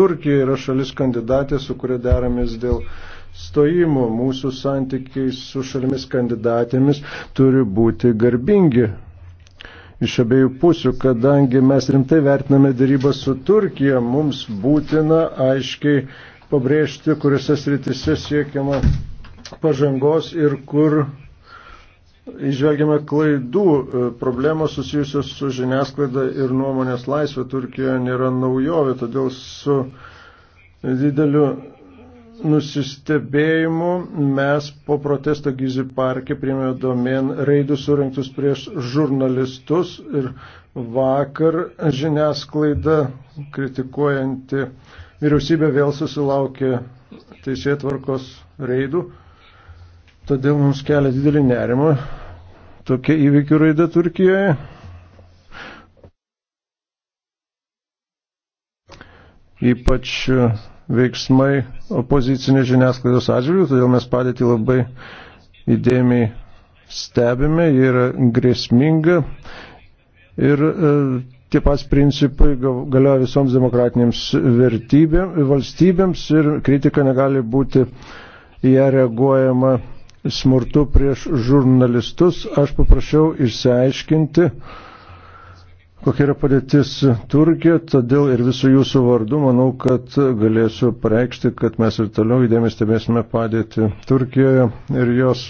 Turkija yra šalis kandidatė, su kuria deramės dėl stojimo. Mūsų santykiai su šalimis kandidatėmis turi būti garbingi. Iš abiejų pusių, kadangi mes rimtai vertiname dėrybą su Turkija, mums būtina aiškiai pabrėžti, kuriuose sritise siekiama pažangos ir kur Išvelgiame klaidų, e, problemos susijusios su žiniasklaida ir nuomonės laisvė Turkijoje nėra naujovė, todėl su dideliu nusistebėjimu mes po protesto Gizi parke priėmėme domen reidus surinktus prieš žurnalistus ir vakar žiniasklaida kritikuojanti vyriausybė vėl susilaukė teisėtvarkos reidų. Todėl mums kelia didelį nerimą tokia įvykių raida Turkijoje. Ypač veiksmai opozicinės žiniasklaidos atžvilgių, todėl mes padėtį labai įdėmiai stebime, ji yra grėsminga ir e, tie pas principai galioja visoms demokratinėms vertybėms, valstybėms ir kritika negali būti į ją reaguojama smurtu prieš žurnalistus. Aš paprašiau išsiaiškinti, kokia yra padėtis Turkija, todėl ir visų jūsų vardu manau, kad galėsiu pareikšti, kad mes ir toliau įdėmės stebėsime padėti Turkijoje ir jos